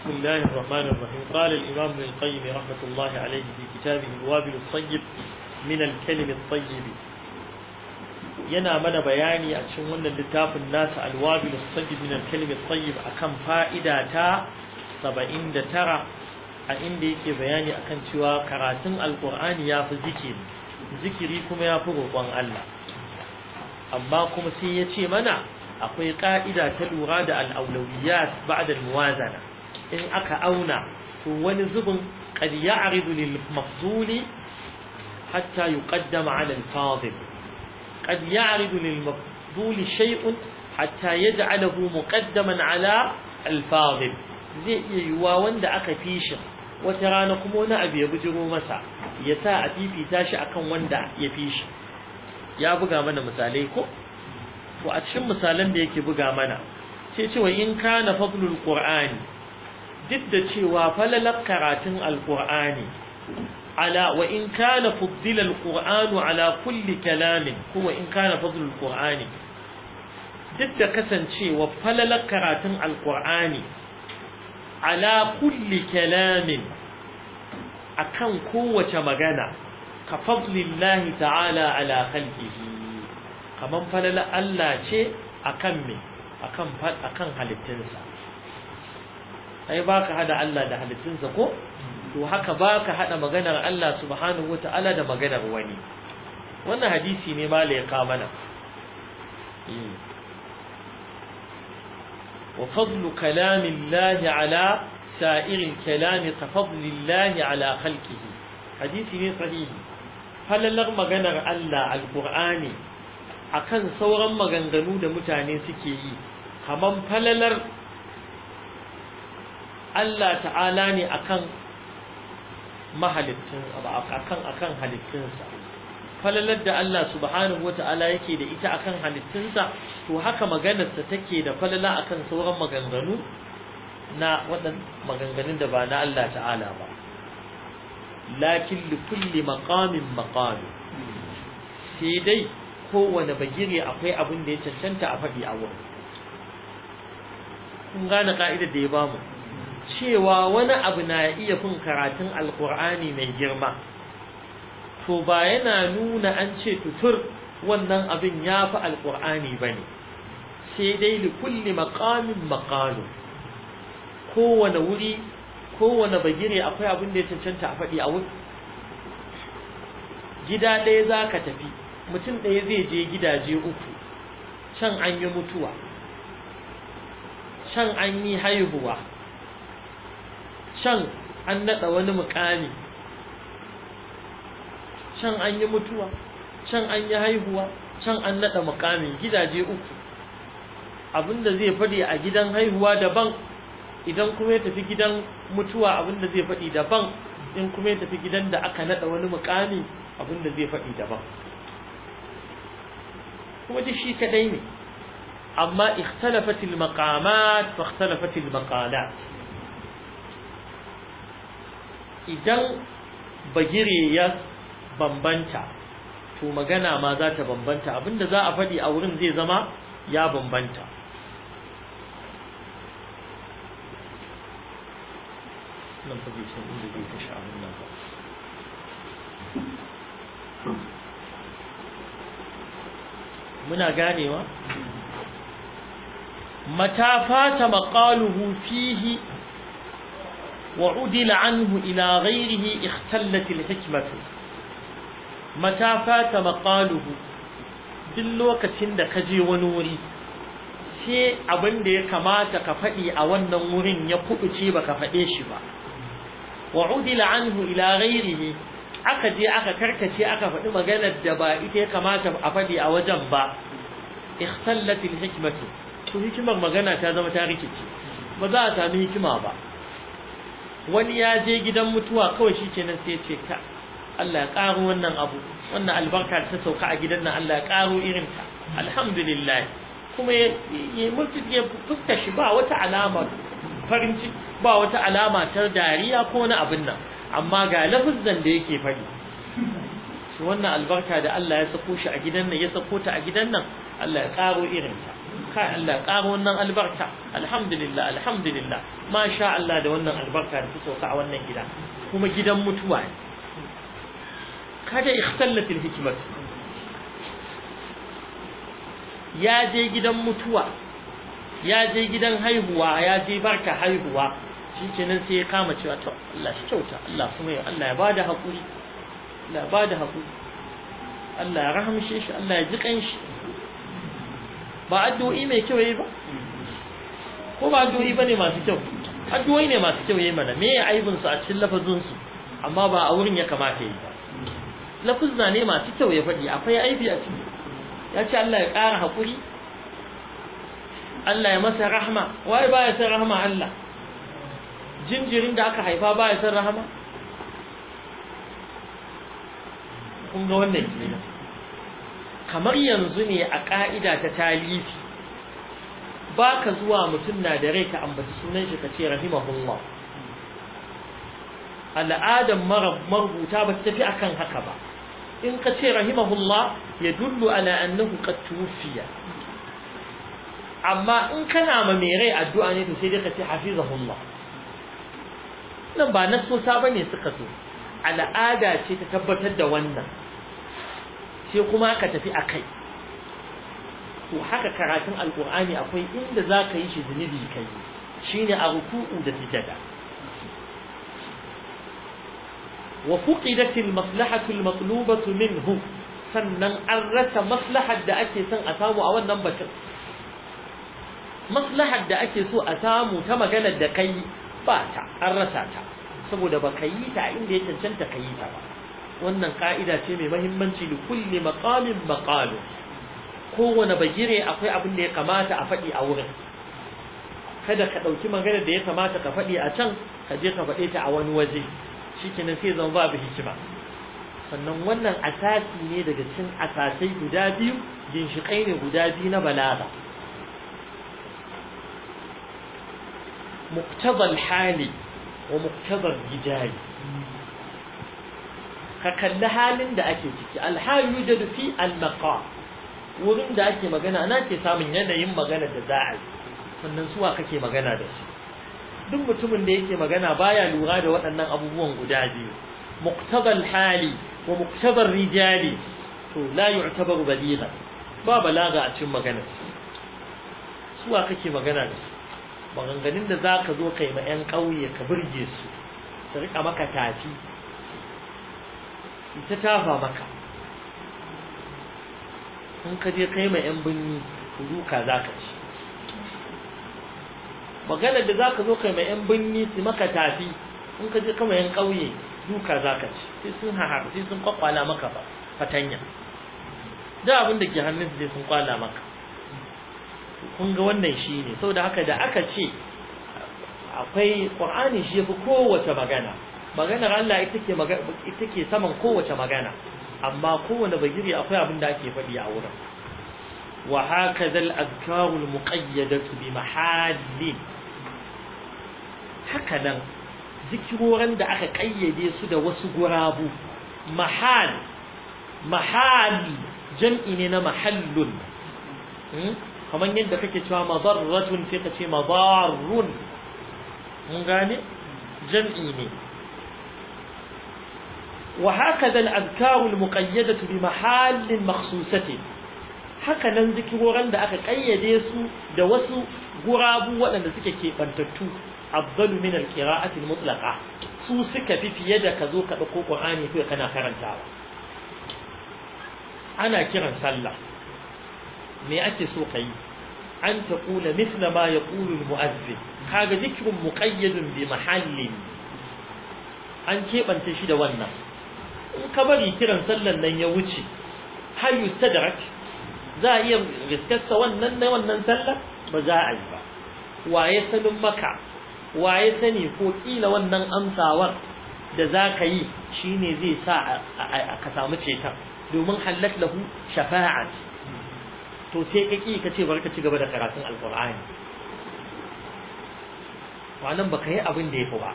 بسم الله الرحمن الرحيم قال الإمام ابن القيم رحمة الله عليه في كتابه الوابل الصيب من الكلم الطيب ينا من بياني أتشون لتاف الناس الوابل الصيب من الكلم الطيب أكم فائدة تا سبعين ترى أين ديك بياني أكن شوى قراتن القرآن يا ذكر ذكري كما يا الله أما كما سيتي منع أقوي قائدة تلورا دا الأولويات بعد الموازنة in aka auna to wani zubin qad ya'ridu lil mafzuli hatta yuqaddama 'ala al fadil qad ya'ridu lil mafzuli shay'un hatta yaj'alahu muqaddaman 'ala al fadil zai iya yiwuwa wanda aka fishi wata rana kuma wani abu ya bujiro masa ya sa a fifita shi akan wanda ya fishi ya buga mana misalai ko to a cikin misalan da yake buga mana sai cewa in kana fadlul qur'ani duk da cewa falalar karatun Alƙur'ani, ala wa in kana fuddila alqur'anu ala kulli kalamin kuma in kana fadlul qur'ani duk da kasancewa falalar karatun alkur'ani ala kulli kalamin akan kowace magana ka fadlillahi ta'ala ala khalqihi kaman falalar Allah ce akan me akan akan halittinsa ai baka hada Allah da halittunsa ko to haka baka hada maganar Allah subhanahu da maganar wani wannan hadisi ne ma ya mana hmm. wa fadlu Lahi ala sa'irin kalami ka Lahi ala halki. hadisi ne sahihi falalar maganar Allah alqur'ani akan sauran maganganu da mutane suke yi kaman falalar Allah ta'ala ne akan mahalittin akan akan halittinsa falalar da Allah subhanahu wata'ala yake da ita akan halittinsa to haka maganarsa take da falala akan sauran maganganu na wadan maganganun da ba na Allah ta'ala ba lakin li kulli maqamin maqami sai dai kowane bagire akwai abin da ya cancanta a faɗi a wurin kun gane ka'idar da ya bamu cewa wani abu na iya fin karatun alkur'ani mai girma to ba yana nuna an ce tutur wannan abin ya fi alkur'ani ba ne sai dai kulle kulle makamin makalu kowane wuri kowane bagire akwai abin da ya cancanta a faɗi a wuri gida ɗaya za ka tafi mutum ɗaya zai je gidaje uku can an yi mutuwa can an yi haihuwa can an naɗa wani mukami can an yi mutuwa can an yi haihuwa shan an naɗa mukami gidaje uku abinda zai faɗi a gidan haihuwa daban idan kuma ya tafi gidan mutuwa abinda zai faɗi daban in kuma ya tafi gidan da aka naɗa wani mukami abinda zai faɗi daban kuma duk shi kadai ne amma ikhtalafatil maqamat fa ikhtalafatil maqalat idan bagire ya bambanta to magana ma za ta bambanta abinda za a faɗi a wurin zai zama ya bambanta muna ganewa mata fata maqaluhu fihi وعدل عنه إلى غيره اختلت الحكمة متى فات lokacin da سند كجي ونوري sai abin da ya kamata ka faɗi a wannan wurin ya kuɓuce ba ka faɗe shi ba wa udila anhu ila ghairihi aka je aka karkace aka faɗi maganar da ba ita ya kamata a faɗi a wajen ba ikhsallatil hikmatu to hikimar magana ta zama ta rikice ba za a sami hikima ba wani ya je gidan mutuwa kawai shi kenan sai ya ce ka Allah ya ƙaro wannan abu wannan albarka ta sauka a gidan nan Allah ya ƙaro irinta alhamdulillah kuma ya mulki ya fuska shi ba wata alama farin ciki ba wata alama ta dariya ko wani abin nan amma ga lafazan da yake fari shi wannan albarka da Allah ya sako shi a gidan nan ya sako ta a gidan nan Allah ya ƙaro irinta kai Allah ƙara wannan albarka alhamdulillah alhamdulillah ma sha Allah da wannan albarka da ta sauka a wannan gida kuma gidan mutuwa ne kada ikhtallatil hikmat ya je gidan mutuwa ya je gidan haihuwa ya je barka haihuwa shi ke sai ya kama cewa to Allah shi kyauta Allah kuma ya Allah ya bada haƙuri Allah ya bada haƙuri Allah ya rahamshe shi Allah ya ji kanshi ba addu'o'i mai kyau yayi ba ko ba addu'o'i bane masu kyau addu'o'i ne masu kyau yayi mana me ya aibin su a cikin lafazin su amma ba a wurin ya kamata yayi ba lafuzna ne masu kyau ya faɗi akwai aibi a ciki ya ce Allah ya ƙara haƙuri Allah ya masa rahma ba baya san rahma Allah jinjirin da aka haifa baya san rahma kun ga wannan kenan kamar yanzu ne a ƙa'ida ta talifi ba ka zuwa mutum na da rai ka ambaci sunan shi ka ce rahimahullah al'adar marubuta ba ta tafi akan haka ba in ka ce rahimahullah ya dullu ala annahu ka tufiya amma in kana ma mai rai addu'a ne to sai dai ka ce hafizahullah nan ba ba ne suka zo al'ada ce ta tabbatar da wannan sai kuma ka tafi a kai to haka karatun alkur'ani akwai inda za ka yi shi zunubi ka yi shine a ruku'u da sujada wa fuqidatil maslahatul matlubatu minhu sannan an rasa maslahar da ake son a samu a wannan bacin maslahar da ake so a samu ta maganar da kai ba ta an rasa ta saboda ba ka yi ta inda ya cancanta ka yi ta ba wannan ka'ida ce mai mahimmanci da kulle makamin maqalu kowane bagire akwai abin da ya kamata a faɗi a wurin kada ka ɗauki maganar da ya kamata ka faɗi a can ka je ka faɗe ta a wani waje shikenan sai zama babu hikima sannan wannan asasi ne daga cikin asasai guda biyu ginshiƙai ne guda biyu na balaga muktazal hali wa muktazal gijari ka kalli halin da ake ciki alhal da fi al wurin da ake magana ana ke samun yanayin magana da za a yi sannan suwa kake magana da su duk mutumin da yake magana baya lura da waɗannan abubuwan guda biyu muqtadal hali wa muqtadar rijali to la yu'tabaru badila ba balaga a cikin magana su suwa kake magana da su maganganun da zaka zo kai ma yan ƙauye ka burge su su rika maka tafi ta tafa maka in ka je kai ma 'yan binni duka za ka ci maganar da za ka zo kai ma 'yan binni su maka tafi in ka je kama 'yan ƙauye duka za ka ci sai sun hahar sai sun kwakwala maka fatanya da abin da ke hannun sai sun kwala maka kun ga wannan shi ne saboda haka da aka ce akwai ƙur'ani shi ya fi kowace magana maganar Allah ita ke saman kowace magana amma kowane bagiri akwai abin da ake faɗi a wurin wa hakaza al-azkaru muqayyadatu bi mahalli haka nan zikiroran da aka kayyade su da wasu gurabu mahal mahali jam'i ne na mahallun hmm? kamar yadda kake cewa madarratun sai ka ce mun gane jam'i ne وهكذا الأذكار المقيدة بمحال مخصوصة haka nan zikiroran da aka kayyade su da wasu gurabu waɗanda suke keɓantattu abdalu min alqira'ati mutlaqa su suka fi fiye da ka zo ka ɗauko qur'ani kai kana karantawa ana kiran sallah me ake so ka yi an taqula mithla ma yaqulu almu'azzin kaga zikrun muqayyadun bi mahallin an keɓance shi da wannan in ka bari kiran sallan nan ya wuce har yustadrak za a iya riskarsa wannan na wannan sallar ba za a yi ba Wa ya sanin maka Wa ya sani ko kila wannan amsawar da za ka yi shi ne zai sa ka samu ceton domin hallat lahu shafa'a to sai ka ƙi ka ce bari ka ci gaba da karatun alkur'ani wannan ka yi abin da ya fi ba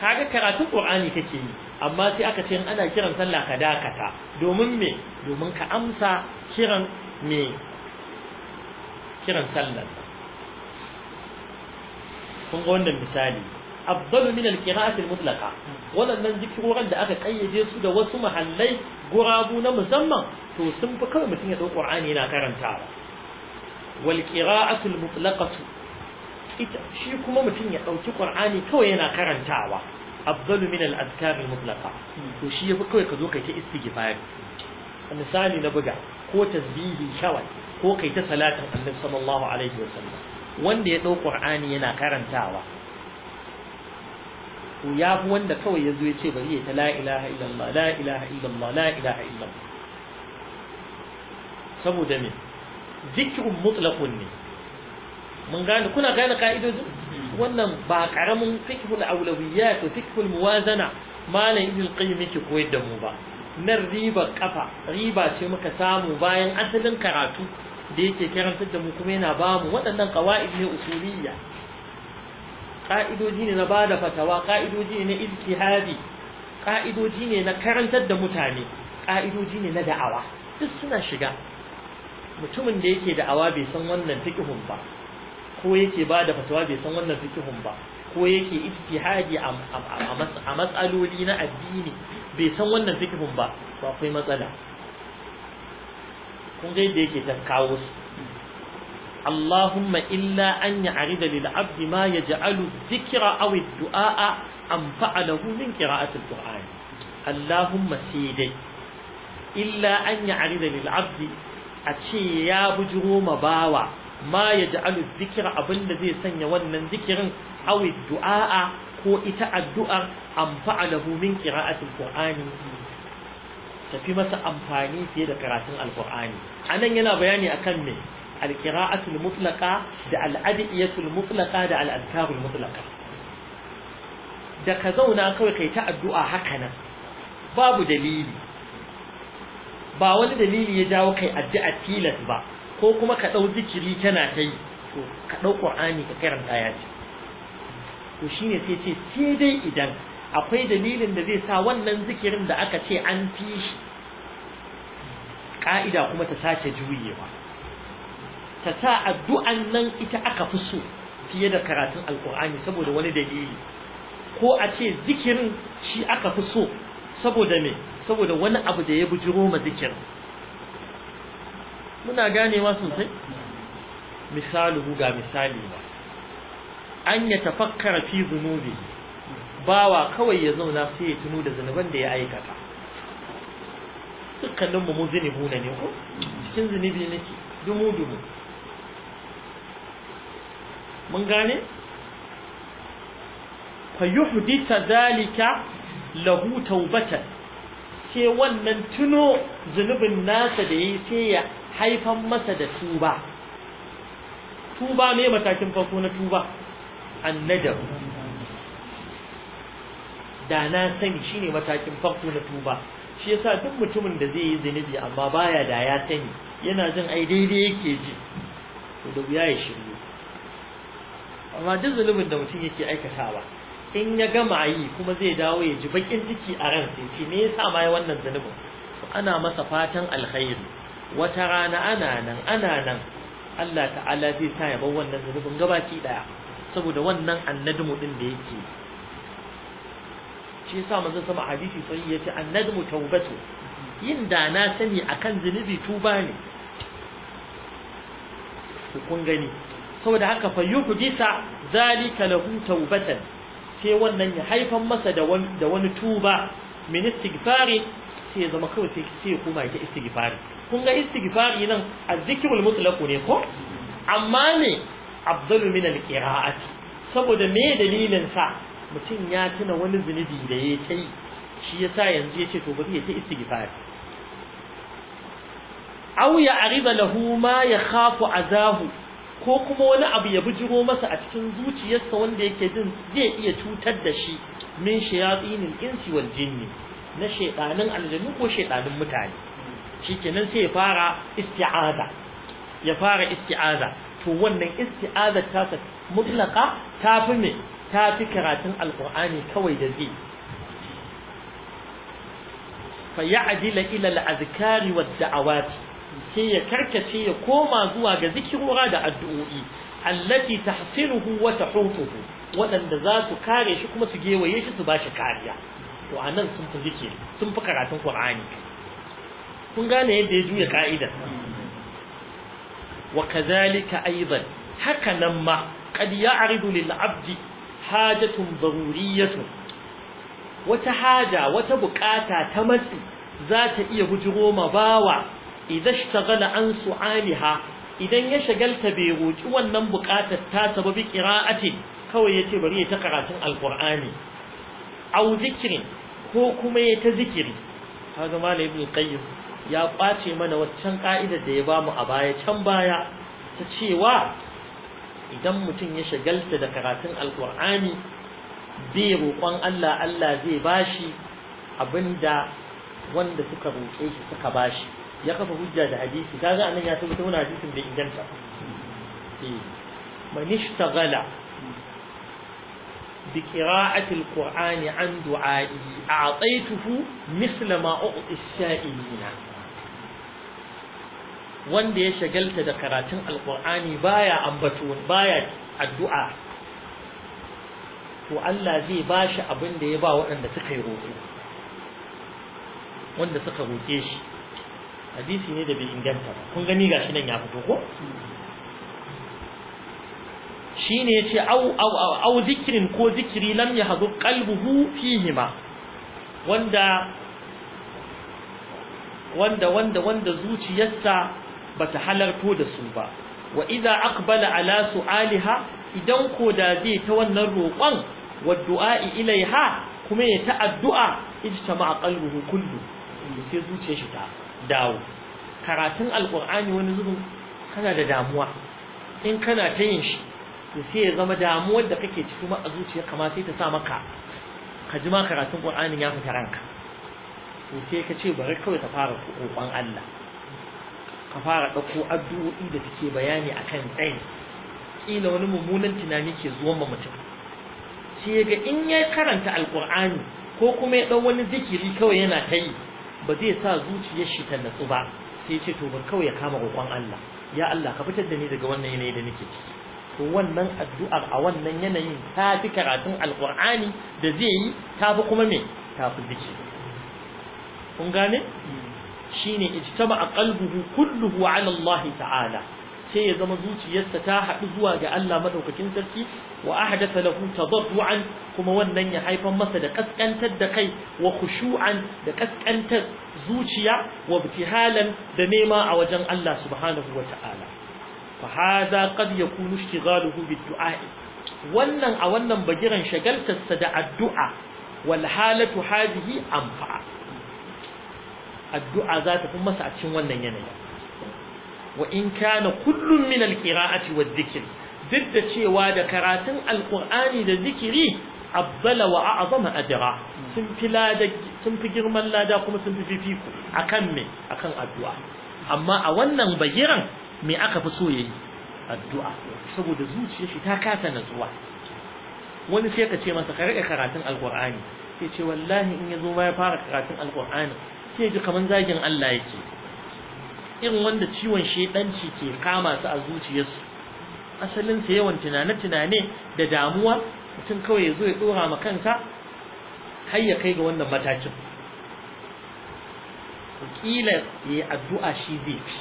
kaga karatun ƙur'ani kake yi amma sai aka ce ana kiran sallah ka dakata domin me domin ka amsa kiran me kiran kun ga wannan misali afdalu min alqira'ati almutlaqa wannan zikiroran da aka kayyade su da wasu muhallai gurabu na musamman to sun fi kawai mutum ya dauki qur'ani yana karantawa wal qira'atu almutlaqatu ita shi kuma mutum ya ɗauki ƙur'ani kawai yana karantawa afdalu min al-azkar al-mutlaqa to shi yafi kawai ka zo kai ta istighfar misali na buga ko tasbihi kawai ko kai ta salatin annabi sallallahu alaihi wasallam wanda ya ɗau ƙur'ani yana karantawa to ya fi wanda kawai ya zo ya ce bari ya ta la ilaha illallah la ilaha illallah la ilaha illallah saboda me zikirin mutlaqun ne mun gane kuna gane ka'idojin wannan ba karamin fikhul aulawiyat to fikhul muwazana malam ibn qayyim yake koyar da mu ba nan riba kafa riba ce muka samu bayan asalin karatu da yake karantar da mu kuma yana ba mu waɗannan qawaid ne usuliyya ka'idoji ne na bada fatawa ka'idoji ne na ijtihadi ka'idoji ne na karantar da mutane ka'idoji ne na da'awa duk suna shiga mutumin da yake da'awa bai san wannan fiqhun ba ko yake ba da fatawa bai san wannan fikihun ba ko yake ijtihadi a matsaloli na addini bai san wannan fikihun ba to akwai matsala kun ga yadda yake ta kawo illa an ya'rida lil abdi ma yaj'alu dhikra aw ad-du'a an fa'alahu min qira'ati al-Qur'an Allahumma sayyidi illa an ya'rida lil abdi a ce ya bujuro ma bawa ma alu dhikra abinda zai sanya wannan zikirin aw du'a'a, ko ita addu'ar amfa'alahu min qira'atil qur'ani tafi masa amfani fiye da karatun alqur'ani anan yana bayani akan me alqira'atul mutlaqa da al'adiyatul mutlaqa da al'adkarul mutlaqa da ka zauna kawai kai ta addu'a haka nan babu dalili ba wani dalili ya jawo kai addu'a tilas ba ko kuma ka ɗau zikiri tana ta yi to ka ɗau ƙur'ani ka karanta ya ce to shine sai ce sai dai idan akwai dalilin da zai sa wannan zikirin da aka ce an fi shi ƙa'ida kuma ta sace juyewa ta sa addu'an nan ita aka fi so fiye da karatun alƙur'ani saboda wani dalili ko a ce zikirin shi aka fi so saboda me saboda wani abu da ya bujiro ma zikirin muna ganewa sosai misaluhu ga misali ba an ya tafakkara fi zunubi bawa kawai ya zauna sai ya tuno da zunuban da ya aikata dukkanin mu huna ne ko cikin zunubi ke, dumu dumu mun gane fa yuhdita zalika lahu taubatan sai wannan tuno zunubin nasa da yayi sai ya haifan masa da tuba tuba ne matakin farko na tuba annadam da na sani shine matakin farko na tuba shi yasa duk mutumin da zai yi zunubi amma baya da ya sani yana jin ai daidai yake ji to da wuya ya shirye amma duk zunubin da mutum yake aikata ba, in ya gama yi kuma zai dawo ya ji bakin ciki a ran sai ce me yasa ma ya wannan zunubin ana masa fatan alkhairi wata rana ana nan ana nan Allah ta'ala zai sa ya bar wannan zunubin gabaci daya saboda wannan annadmu din da yake shi yasa manzo sama hadisi sai ce annadmu tawbatu yin da na sani akan zunubi tuba ne kun gani saboda haka fa yuhdisa zalika lahu tawbatan sai wannan ya haifan masa da wani tuba min istighfari sai zama kawai sai sai kuma ta istighfari kun ga istighfari nan azzikrul mutlaq ne ko amma ne afdalu min alqira'ati saboda me dalilin sa mutum ya tuna wani zunubi da ya kai shi yasa yanzu ya ce to bari ya ta istighfari aw ya arida lahu ma yakhafu azahu ko kuma wani abu ya jiro masa a cikin zuciyarsa wanda yake jin zai iya cutar da shi min shayatinin insi wal jinni na shaydanin aljannu ko shaydanin mutane shikenan sai ya fara isti'aza ya fara isti'aza to wannan isti'aza ta ta mutlaka ta fi me ta fi karatun alqur'ani kawai da zai fa ya'dila ila al-azkari wad da'awati sai ya karkace ya koma zuwa ga zikirora da addu'o'i allati tahsinuhu wa tahutuhu wadanda za su kare shi kuma su gewaye shi su bashi kariya to anan sun fi zikiri sun fi karatun qur'ani kun gane yadda ya juya ka'ida wa kadhalika aidan haka nan ma qad ya'ridu lil 'abdi hajatun daruriyyatun wata haja wata bukata ta matsi za ta iya bujiro ma bawa idan shagala an su su'aliha idan ya shagalta bai roki wannan buƙatar ta sababi qira'ati kawai yace bari ya ta karatun alqur'ani au zikri ko kuma ya ta zikiri kaga malam ibn qayyim ya ƙwace mana waccan ka'idar da ya bamu a baya can baya ta cewa idan mutum ya shagalta da karatun alkur'ani bai roƙon Allah Allah zai bashi abinda wanda suka roƙe shi suka bashi ya kafa hujja da hadisi kaga anan ya tabbata wannan hadisin bai inganta eh. man ishtaghala bi qira'ati alqur'ani an du'a'i a'taytuhu misla ma u'ti as-sa'ilina wanda ya shagalta da karatun alqur'ani baya ambato baya addu'a to Allah zai bashi abin da ya ba waɗanda suka yi roƙo wanda suka roƙe shi hadisi ne da bai inganta kun gani shi nan ya fito ko Shi yace ya ce au zikirin ko zikiri lam yahdu qalbuhu fihima wanda wanda wanda wanda zuciyarsa bata halarto da su ba wa idza aqbala ala su'aliha idan ko da zai ta wannan roƙon wa du'a'i ilaiha kuma ya ta addu'a ijtama'a qalbuhu kullu sai zuciyar shi ta dawo karatun alkur'ani wani zubin kana da damuwa in kana ta yin shi to sai ya zama damuwar da kake ciki ma a zuciya kama sai ta sa maka ka ji ma karatun qur'anin ya fita ranka to sai ka ce bari kawai ka fara kokon Allah ka fara ɗauko addu'o'i da suke bayani akan tsayi kila wani mummunan tunani ke zuwa ma mutum sai ga in ya karanta alkur'ani ko kuma ya dau wani zikiri kawai yana ta yi ba zai sa zuciyar shi ta natsu ba sai ce to ban kawai ya kama roƙon Allah ya Allah ka fitar da ni daga wannan yanayi da nake ciki to wannan addu'ar a wannan yanayin ta fi karatun alqur'ani da zai yi ta fi kuma me ta fi zikiri kun gane shine ijtama qalbuhu kulluhu ala Allah ta'ala sai ya zama zuciyarsa ta haɗu zuwa ga Allah maɗaukakin sarki wa ahdatha lahu tadaddu'an kuma wannan ya haifar masa da kaskantar da kai wa khushu'an da kaskantar zuciya wa ibtihalan da nema a wajen Allah subhanahu Ta'ala. fa hadha qad yakunu ishtighaluhu bid-du'a wannan a wannan bagiran shagaltarsa da addu'a wal halatu hadhihi anfa addu'a za ta fi masa a cikin wannan yanayin wa in kana kullum min alqira'ati wadh-dhikr duk da cewa da karatun alqur'ani da zikiri abbala wa a'zama ajra sun fi lada sun fi girman lada kuma sun fi fifiko akan me akan addu'a amma a wannan bayiran me aka fi so yayi addu'a saboda zuciyar shi ta kasa natsuwa wani sai ka ce masa ka rike karatun alqur'ani sai ce wallahi in yazo ma ya fara karatun alqur'ani sai ji kaman zagin Allah yake irin wanda ciwon shedanci ke kama su a zuciyarsu asalin sa yawan tunane tunane da damuwa mutum kawai ya zo ya dora ma kansa har ya kai ga wannan matakin kila ya yi addu'a shi zai fi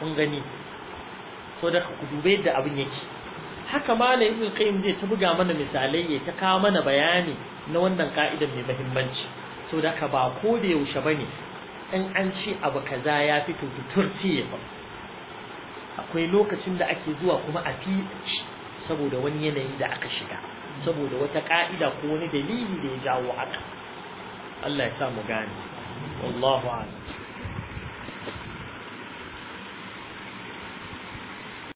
kun gani so da ku dubai da abin yake haka malam ibn qayyim zai ta buga mana misalai ya ta kawo mana bayani na wannan ka'idar mai muhimmanci so da ka ba ko da yaushe bane in an ce abu kaza ya fito tutur fiye ba akwai lokacin da ake zuwa kuma a fi saboda wani yanayi da aka shiga saboda wata ka'ida ko wani dalili da ya jawo haka Allah ya sa mu gane wallahu a'lam